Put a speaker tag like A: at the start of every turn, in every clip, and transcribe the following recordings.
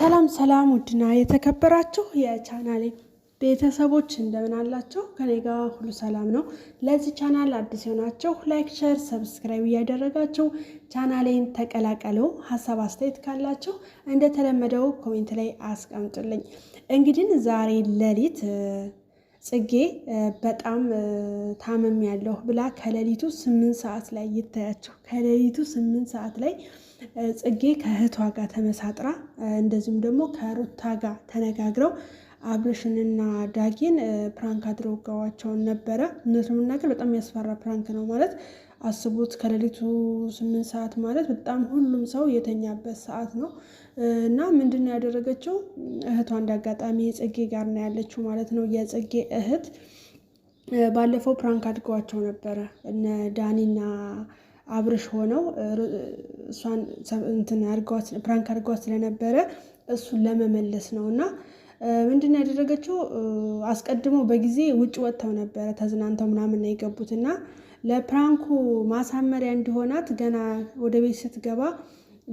A: ሰላም ሰላም፣ ውድና የተከበራችሁ የቻናሌ ቤተሰቦች እንደምን አላችሁ? ከኔ ጋር ሁሉ ሰላም ነው። ለዚህ ቻናል አዲስ የሆናችሁ ላይክ፣ ሸር፣ ሰብስክራይብ እያደረጋችሁ ቻናሌን ተቀላቀሉ። ሀሳብ አስተያየት ካላችሁ እንደተለመደው ኮሜንት ላይ አስቀምጡልኝ። እንግዲህ ዛሬ ሌሊት ጽጌ በጣም ታመም ያለሁ ብላ ከሌሊቱ ስምንት ሰዓት ላይ ይታያቸው። ከሌሊቱ ስምንት ሰዓት ላይ ጽጌ ከእህቷ ጋር ተመሳጥራ እንደዚሁም ደግሞ ከሩታ ጋር ተነጋግረው አብርሽንና ዳጌን ፕራንክ አድርገዋቸውን ነበረ። እነሱ ለመናገር በጣም ያስፈራ ፕራንክ ነው ማለት አስቡት ከሌሊቱ ስምንት ሰዓት ማለት በጣም ሁሉም ሰው የተኛበት ሰዓት ነው እና ምንድን ነው ያደረገችው እህቷ እንዳጋጣሚ የጽጌ ጋር ነው ያለችው ማለት ነው። የጽጌ እህት ባለፈው ፕራንክ አድገዋቸው ነበረ እነ ዳኒና አብርሽ ሆነው እሷን እንትን ፕራንክ አድርጓት ስለነበረ እሱን ለመመለስ ነው እና ምንድን ነው ያደረገችው አስቀድሞ በጊዜ ውጭ ወጥተው ነበረ ተዝናንተው ምናምን ነው የገቡት እና ለፕራንኩ ማሳመሪያ እንዲሆናት ገና ወደ ቤት ስትገባ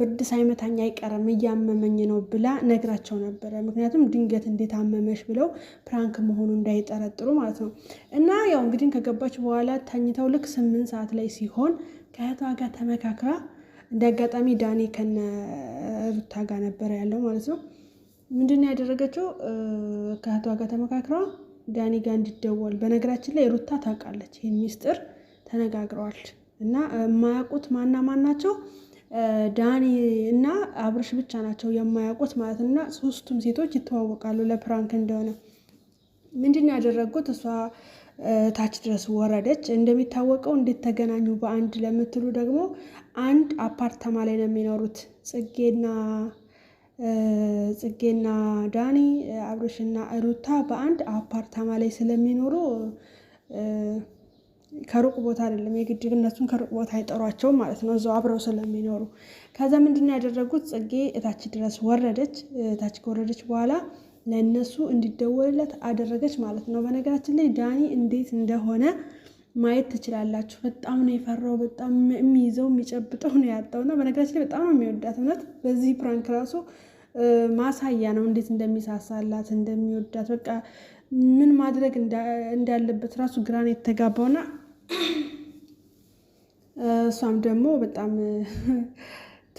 A: ብርድ ሳይመታኝ አይቀርም እያመመኝ ነው ብላ ነግራቸው ነበረ። ምክንያቱም ድንገት እንዴት አመመሽ ብለው ፕራንክ መሆኑ እንዳይጠረጥሩ ማለት ነው። እና ያው እንግዲህ ከገባች በኋላ ተኝተው ልክ ስምንት ሰዓት ላይ ሲሆን ከእህቷ ጋር ተመካክራ እንደ አጋጣሚ ዳኔ ከነ ሩታ ጋር ነበረ ያለው ማለት ነው። ምንድን ያደረገችው? ከእህቷ ጋር ተመካክራ ዳኔ ጋር እንዲደወል። በነገራችን ላይ ሩታ ታውቃለች ይህን ሚስጥር ተነጋግረዋል እና የማያውቁት ማና ማን ናቸው? ዳኒ እና አብርሽ ብቻ ናቸው የማያውቁት ማለት እና ሶስቱም ሴቶች ይተዋወቃሉ ለፕራንክ እንደሆነ ምንድን ያደረጉት? እሷ ታች ድረስ ወረደች። እንደሚታወቀው እንዴት ተገናኙ በአንድ ለምትሉ ደግሞ አንድ አፓርታማ ላይ ነው የሚኖሩት ጽጌና ጽጌና ዳኒ አብርሽና ሩታ በአንድ አፓርታማ ላይ ስለሚኖሩ ከሩቅ ቦታ አይደለም የግድ እነሱን ከሩቅ ቦታ አይጠሯቸውም ማለት ነው። እዛው አብረው ስለሚኖሩ ከዛ ምንድን ነው ያደረጉት? ጽጌ እታች ድረስ ወረደች። እታች ከወረደች በኋላ ለእነሱ እንዲደወልለት አደረገች ማለት ነው። በነገራችን ላይ ዳኒ እንዴት እንደሆነ ማየት ትችላላችሁ። በጣም ነው የፈራው። በጣም የሚይዘው የሚጨብጠው ነው ያጣው እና በነገራችን ላይ በጣም ነው የሚወዳት። እውነት በዚህ ፕራንክ ራሱ ማሳያ ነው እንዴት እንደሚሳሳላት እንደሚወዳት በቃ ምን ማድረግ እንዳለበት ራሱ ግራን የተጋባውና እሷም ደግሞ በጣም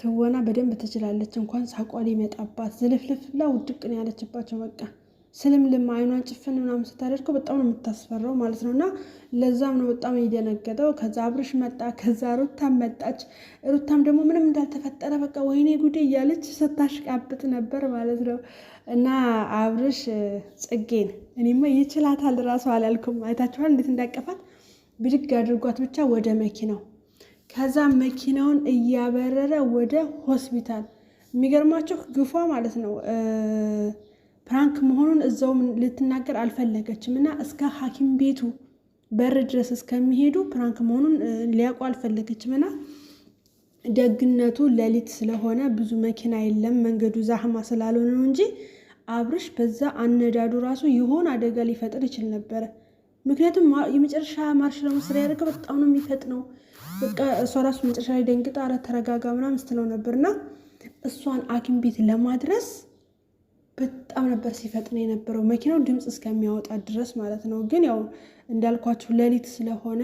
A: ትወና በደንብ ትችላለች። እንኳን ሳቋ ሊመጣባት ዝልፍልፍ ብላ ውድቅ ነው ያለችባቸው። በቃ ስልምልም አይኗን ጭፍን ምናምን ስታደርገው በጣም ነው የምታስፈራው ማለት ነው። እና ለዛም ነው በጣም የደነገጠው። ከዛ አብርሽ መጣ፣ ከዛ ሩታም መጣች። ሩታም ደግሞ ምንም እንዳልተፈጠረ በቃ ወይኔ ጉዴ እያለች ስታሽቃብጥ ነበር ማለት ነው። እና አብርሽ ጽጌን እኔማ ይችላታል ራሱ አላልኩም። አይታችኋል እንዴት እንዳቀፋት ብድግ አድርጓት ብቻ ወደ መኪናው ከዛ መኪናውን እያበረረ ወደ ሆስፒታል። የሚገርማችሁ ግፏ ማለት ነው ፕራንክ መሆኑን እዛውም ልትናገር አልፈለገችም እና እስከ ሐኪም ቤቱ በር ድረስ እስከሚሄዱ ፕራንክ መሆኑን ሊያውቁ አልፈለገችም እና ደግነቱ ሌሊት ስለሆነ ብዙ መኪና የለም፣ መንገዱ ዛህማ ስላልሆነ ነው እንጂ አብርሽ በዛ አነዳዱ ራሱ ይሆን አደጋ ሊፈጥር ይችል ነበረ። ምክንያቱም የመጨረሻ ማርሽ ስራ ያደረገው በጣም ነው የሚፈጥነው። በቃ እሷ ራሱ መጨረሻ ላይ ደንግጣ አረ ተረጋጋ ምናምን ስትለው ነበርና እሷን ሐኪም ቤት ለማድረስ በጣም ነበር ሲፈጥን የነበረው መኪናው ድምፅ እስከሚያወጣ ድረስ ማለት ነው። ግን ያው እንዳልኳቸው ሌሊት ስለሆነ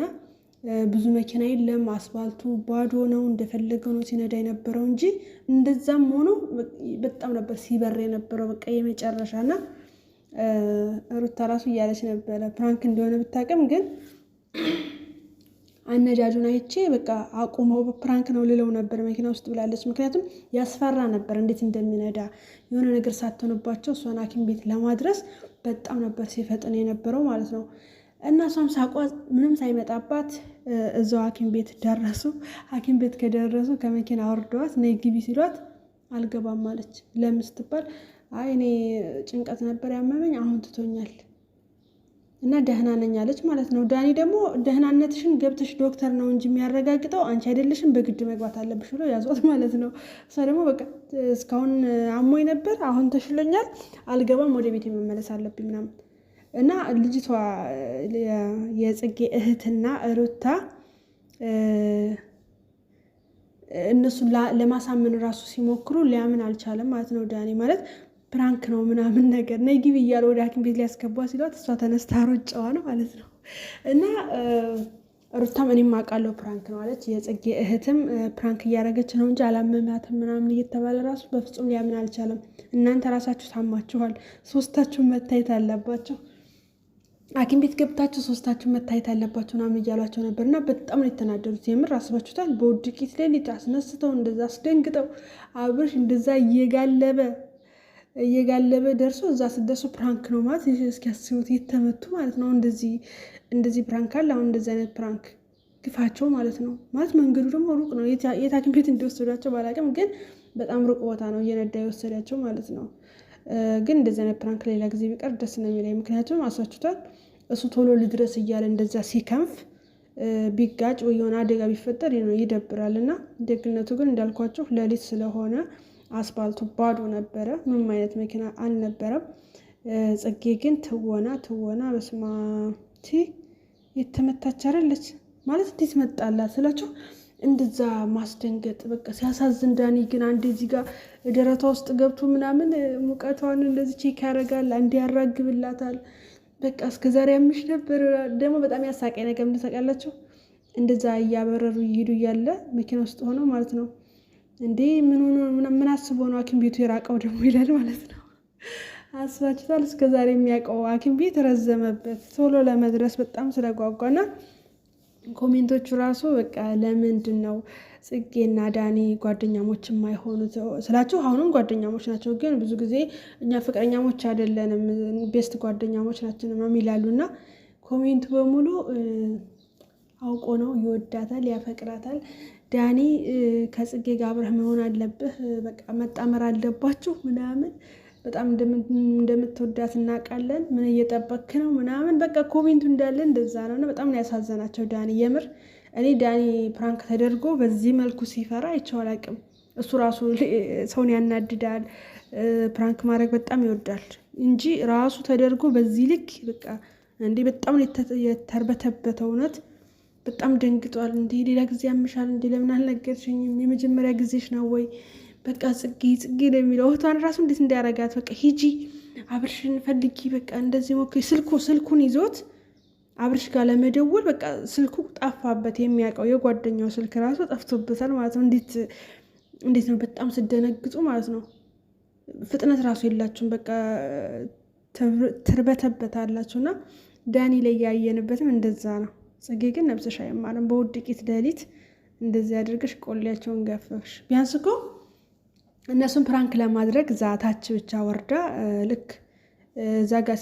A: ብዙ መኪና የለም፣ አስፋልቱ ባዶ ነው። እንደፈለገው ነው ሲነዳ የነበረው እንጂ እንደዛም ሆኖ በጣም ነበር ሲበር የነበረው በቃ የመጨረሻ ና ሩታ ራሱ እያለች ነበረ ፕራንክ እንደሆነ ብታቅም ግን አነጃጁን አይቼ በቃ አቁመው ፕራንክ ነው ልለው ነበር መኪና ውስጥ ብላለች። ምክንያቱም ያስፈራ ነበር እንዴት እንደሚነዳ የሆነ ነገር ሳትሆንባቸው እሷን ሐኪም ቤት ለማድረስ በጣም ነበር ሲፈጥን የነበረው ማለት ነው። እና እሷም ሳቋ ምንም ሳይመጣባት እዛው ሐኪም ቤት ደረሱ። ሐኪም ቤት ከደረሱ ከመኪና አወርደዋት ነይ ግቢ ሲሏት አልገባም አለች። ለምን ስትባል አይ እኔ ጭንቀት ነበር ያመመኝ አሁን ትቶኛል እና ደህና ነኝ አለች ማለት ነው። ዳኒ ደግሞ ደህናነትሽን ገብተሽ ዶክተር ነው እንጂ የሚያረጋግጠው አንቺ አይደለሽም በግድ መግባት አለብሽ ብሎ ያዟት ማለት ነው። እሷ ደግሞ በቃ እስካሁን አሞኝ ነበር አሁን ተሽሎኛል፣ አልገባም፣ ወደ ቤት መመለስ አለብኝ ምናምን እና ልጅቷ የጽጌ እህትና ሩታ እነሱን ለማሳመን ራሱ ሲሞክሩ ሊያምን አልቻለም ማለት ነው ዳኒ ማለት ፕራንክ ነው ምናምን ነገር ነይ ግቢ እያለ ወደ ሐኪም ቤት ሊያስገባ ሲሏት እሷ ተነስታ ሮጫዋ ነው ማለት ነው። እና ሩታም እኔም አውቃለሁ ፕራንክ ነው አለች። የጽጌ እህትም ፕራንክ እያደረገች ነው እንጂ አላመማትም ምናምን እየተባለ ራሱ በፍጹም ሊያምን አልቻለም። እናንተ ራሳችሁ ታማችኋል። ሶስታችሁ መታየት አለባቸው ሐኪም ቤት ገብታችሁ ሶስታችሁ መታየት አለባችሁ ምናምን እያሏቸው ነበር። እና በጣም ነው የተናደዱት። የምር አስባችሁታል? በውድቂት ሌሊት አስነስተው እንደዛ አስደንግጠው አብርሽ እንደዛ እየጋለበ እየጋለበ ደርሶ እዛ ስደርሶ ፕራንክ ነው ማለት እስኪያስቡት የተመቱ ማለት ነው። እንደዚህ እንደዚህ ፕራንክ አለ። አሁን እንደዚህ አይነት ፕራንክ ግፋቸው ማለት ነው። ማለት መንገዱ ደግሞ ሩቅ ነው። የት ቤት እንዲወሰዷቸው ባላቅም፣ ግን በጣም ሩቅ ቦታ ነው እየነዳ የወሰዳቸው ማለት ነው። ግን እንደዚህ አይነት ፕራንክ ሌላ ጊዜ ቢቀር ደስ ነው የሚለኝ። ምክንያቱም አሳችቷል። እሱ ቶሎ ልድረስ እያለ እንደዛ ሲከንፍ ቢጋጭ ወይ የሆነ አደጋ ቢፈጠር ይደብራል። እና ደግነቱ ግን እንዳልኳቸው ሌሊት ስለሆነ አስፋልቱ ባዶ ነበረ። ምንም አይነት መኪና አልነበረም። ጽጌ ግን ትወና ትወና በስማቲ የተመታች አይደለች ማለት እንዴት መጣላት ስላችሁ እንደዛ ማስደንገጥ በቃ ሲያሳዝን። ዳኒ ግን አንዴ እዚህ ጋር ደረቷ ውስጥ ገብቶ ምናምን ሙቀቷን እንደዚህ ቼክ ያደርጋል፣ አንዴ ያራግብላታል። በቃ እስከዛሬ አምሽ ነበር። ደግሞ በጣም ያሳቀኝ ነገር እንደሳቃላቸው እንደዛ እያበረሩ እየሄዱ እያለ መኪና ውስጥ ሆነው ማለት ነው እንዴ ምን ሆኖ ምን አስቦ ነው ሐኪም ቤቱ የራቀው ደግሞ ይላል ማለት ነው። አስባችታል እስከ ዛሬ የሚያውቀው ሐኪም ቤት ረዘመበት። ቶሎ ለመድረስ በጣም ስለጓጓና ኮሜንቶቹ ራሱ በቃ ለምንድን ነው ጽጌና ዳኒ ጓደኛሞች የማይሆኑት ስላቸው አሁንም ጓደኛሞች ናቸው፣ ግን ብዙ ጊዜ እኛ ፍቅረኛሞች አይደለንም ቤስት ጓደኛሞች ናቸው የሚላሉ እና ኮሜንቱ በሙሉ አውቆ ነው ይወዳታል፣ ያፈቅራታል። ዳኒ ከጽጌ ጋር አብረህ መሆን አለብህ፣ በቃ መጣመር አለባችሁ ምናምን በጣም እንደምትወዳት እናውቃለን። ምን እየጠበክ ነው ምናምን በቃ ኮሜንቱ እንዳለ እንደዛ ነው። እና በጣም ያሳዘናቸው ዳኒ። የምር እኔ ዳኒ ፕራንክ ተደርጎ በዚህ መልኩ ሲፈራ አይቼው አላውቅም። እሱ ራሱ ሰውን ያናድዳል፣ ፕራንክ ማድረግ በጣም ይወዳል እንጂ ራሱ ተደርጎ በዚህ ልክ በቃ እንዲህ በጣም የተርበተበተ እውነት በጣም ደንግጧል። እንዴ ሌላ ጊዜ ያምሻል እንዴ ለምን አልነገርሽኝም? የመጀመሪያ ጊዜሽ ነው ወይ? በቃ ጽጌ ጽጌ ነው የሚለው እህቷን ራሱ እንዴት እንዳያረጋት በቃ ሂጂ አብርሽን ፈልጊ በቃ እንደዚህ ሞ ስልኩ ስልኩን ይዞት አብርሽ ጋር ለመደወል በቃ ስልኩ ጠፋበት። የሚያውቀው የጓደኛው ስልክ ራሱ ጠፍቶበታል ማለት ነው። እንዴት እንዴት ነው በጣም ስደነግጡ ማለት ነው። ፍጥነት ራሱ የላችሁም። በቃ ትርበተበታላችሁ እና ዳኒ ላይ ያየንበትም እንደዛ ነው። ጽጌ ግን ነብሰሽ አይማርም። በውድ ቂት ሌሊት እንደዚህ አድርገሽ ቆሌያቸውን ገፈሽ። ቢያንስ እኮ እነሱን ፕራንክ ለማድረግ ዛታች ብቻ ወርዳ ልክ እዛ ጋ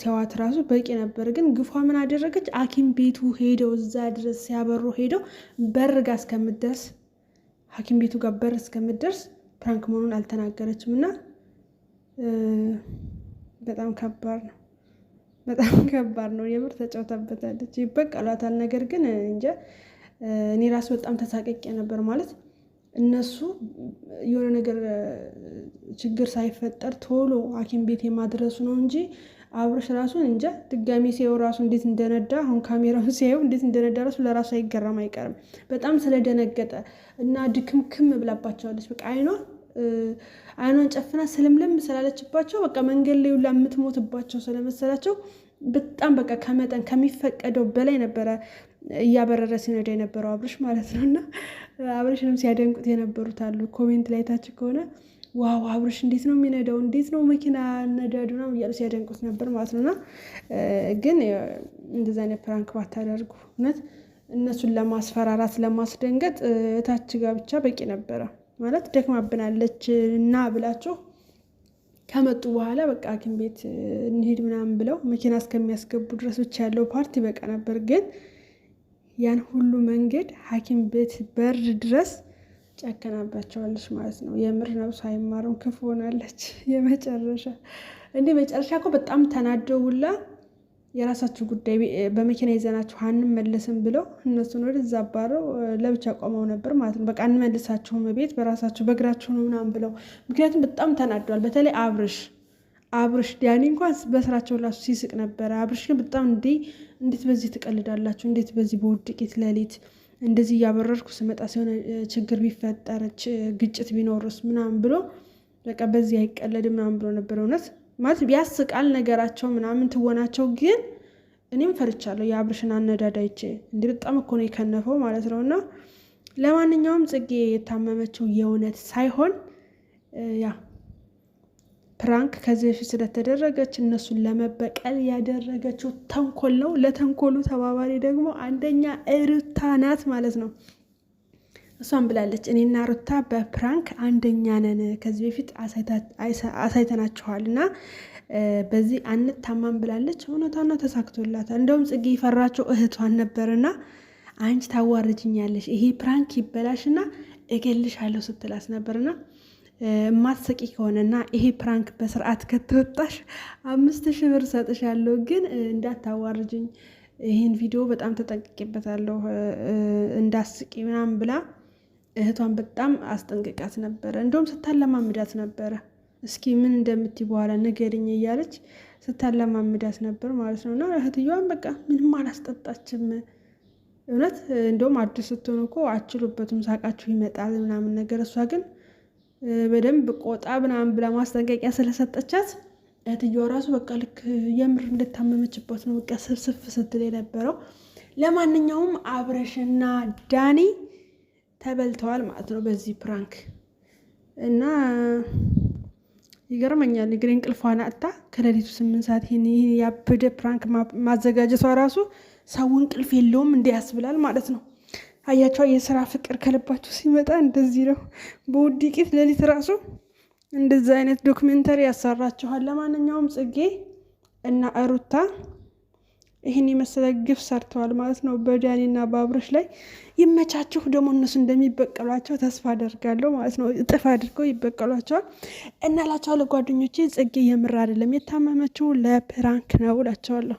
A: ሲያዋት ራሱ በቂ ነበር። ግን ግፏ ምን አደረገች? ሐኪም ቤቱ ሄደው እዛ ድረስ ሲያበሩ ሄደው በር ጋ እስከምደርስ ሐኪም ቤቱ ጋር በር እስከምደርስ ፕራንክ መሆኑን አልተናገረችም እና በጣም ከባድ ነው። በጣም ከባድ ነው የምር። ተጫውታበታለች፣ ይበቀሏታል። ነገር ግን እንጃ እኔ ራሱ በጣም ተሳቀቄ ነበር ማለት እነሱ የሆነ ነገር ችግር ሳይፈጠር ቶሎ ሀኪም ቤት የማድረሱ ነው እንጂ አብረሽ ራሱን እንጃ ድጋሚ ሲየው ራሱ እንዴት እንደነዳ አሁን ካሜራው ሲየው እንዴት እንደነዳ ራሱ ለራሱ አይገረም አይቀርም። በጣም ስለደነገጠ እና ድክምክም ብላባቸዋለች በቃ አይኗ አይኗን ጨፍና ስልምልም ስላለችባቸው በቃ መንገድ ላይ ሁላ የምትሞትባቸው ስለመሰላቸው በጣም በቃ ከመጠን ከሚፈቀደው በላይ ነበረ እያበረረ ሲነዳ የነበረው አብርሽ ማለት ነው። እና አብርሽንም ሲያደንቁት የነበሩት አሉ። ኮሜንት ላይ ታች ከሆነ ዋው አብርሽ እንዴት ነው የሚነዳው? እንዴት ነው መኪና ነዳዱ ነው እያሉ ሲያደንቁት ነበር ማለት ነው። እና ግን እንደዚ አይነት ፕራንክ ባታደርጉ እውነት እነሱን ለማስፈራራት ለማስደንገጥ ታች ጋር ብቻ በቂ ነበረ። ማለት ደክማብናለች እና ብላችሁ ከመጡ በኋላ በቃ ሐኪም ቤት እንሄድ ምናምን ብለው መኪና እስከሚያስገቡ ድረስ ብቻ ያለው ፓርቲ በቃ ነበር። ግን ያን ሁሉ መንገድ ሐኪም ቤት በር ድረስ ጨከናባቸዋለች ማለት ነው። የምር ነብሱ አይማርም፣ ክፉ ሆናለች። የመጨረሻ እንዲህ መጨረሻ እኮ በጣም ተናደውላ የራሳችሁ ጉዳይ በመኪና ይዘናችሁ አንመለስም ብለው እነሱን ወደዛ አባረው ለብቻ ቆመው ነበር ማለት ነው። በቃ አንመልሳችሁም ቤት በራሳችሁ በእግራችሁ ነው ምናምን ብለው ምክንያቱም በጣም ተናደዋል። በተለይ አብርሽ አብርሽ ዲያኒ እንኳን በስራቸው ላሱ ሲስቅ ነበረ። አብርሽ ግን በጣም እንዴ እንዴት በዚህ ትቀልዳላችሁ? እንዴት በዚህ በውድቂት ሌሊት እንደዚህ እያበረርኩ ስመጣ ሲሆነ ችግር ቢፈጠረች ግጭት ቢኖርስ ምናምን ብሎ በቃ በዚህ አይቀለድም ምናምን ብሎ ነበር እውነት ማለት ቢያስቃል ነገራቸው ምናምን ትወናቸው ግን እኔም ፈርቻለሁ የአብርሽን አነዳዳይቼ እንዲህ በጣም እኮ ነው የከነፈው ማለት ነው። እና ለማንኛውም ጽጌ የታመመችው የእውነት ሳይሆን ያ ፕራንክ ከዚህ በፊት ስለተደረገች እነሱን ለመበቀል ያደረገችው ተንኮል ነው። ለተንኮሉ ተባባሪ ደግሞ አንደኛ እርታ ናት ማለት ነው። እሷም ብላለች እኔና ሩታ በፕራንክ አንደኛ ነን፣ ከዚህ በፊት አሳይተናችኋል እና በዚህ አንታማም ብላለች። እውነቷን ነው፣ ተሳክቶላታል። እንደውም ጽጌ የፈራቸው እህቷን ነበርና አንቺ ታዋርጅኛለሽ፣ ይሄ ፕራንክ ይበላሽና እገልሻለሁ ስትላስ ነበርና ማትሰቂ ከሆነና ይሄ ፕራንክ በስርዓት ከተወጣሽ አምስት ሺህ ብር ሰጥሻለሁ፣ ግን እንዳታዋርጅኝ ይህን ቪዲዮ በጣም ተጠንቅቄበታለሁ እንዳስቂ ምናምን ብላ እህቷን በጣም አስጠንቅቃት ነበረ። እንደውም ስታለማምዳት ነበረ። እስኪ ምን እንደምትይ በኋላ ንገሪኝ እያለች ስታለማምዳት ነበር ማለት ነው። እና እህትየዋን በቃ ምንም አላስጠጣችም። እውነት እንደውም አዲስ ስትሆን እኮ አችሉበትም ሳቃችሁ ይመጣል ምናምን ነገር። እሷ ግን በደንብ ቆጣ ምናምን ብላ ማስጠንቀቂያ ስለሰጠቻት እህትየዋ ራሱ በቃ ልክ የምር እንደታመመችበት ነው በቃ ስብስብ ስትል የነበረው። ለማንኛውም አብረሽና ዳኔ። ተበልተዋል ማለት ነው በዚህ ፕራንክ እና ይገርመኛል። እንግዲህ እንቅልፏን አጥታ ከሌሊቱ ስምንት ሰዓት ይህን ያበደ ፕራንክ ማዘጋጀቷ ራሱ ሰው እንቅልፍ የለውም ያስብላል ማለት ነው። አያቸዋ የስራ ፍቅር ከልባቸው ሲመጣ እንደዚህ ነው። በውድቂት ሌሊት ራሱ እንደዚህ አይነት ዶክሜንተሪ ያሰራችኋል። ለማንኛውም ጽጌ እና እሩታ ይህን የመሰለ ግፍ ሰርተዋል ማለት ነው በዳኒና በአብሮች ላይ። ይመቻችሁ። ደግሞ እነሱ እንደሚበቀሏቸው ተስፋ አደርጋለሁ ማለት ነው። እጥፍ አድርገው ይበቀሏቸዋል እና ላቸዋለሁ ጓደኞቼ። ጽጌ የምር አይደለም የታመመችው ለፕራንክ ነው እላቸዋለሁ።